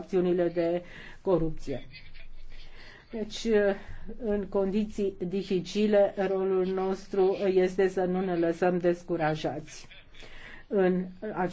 acțiunile de corupție. Deci, în condiții dificile, rolul nostru este să nu ne lăsăm descurajați în această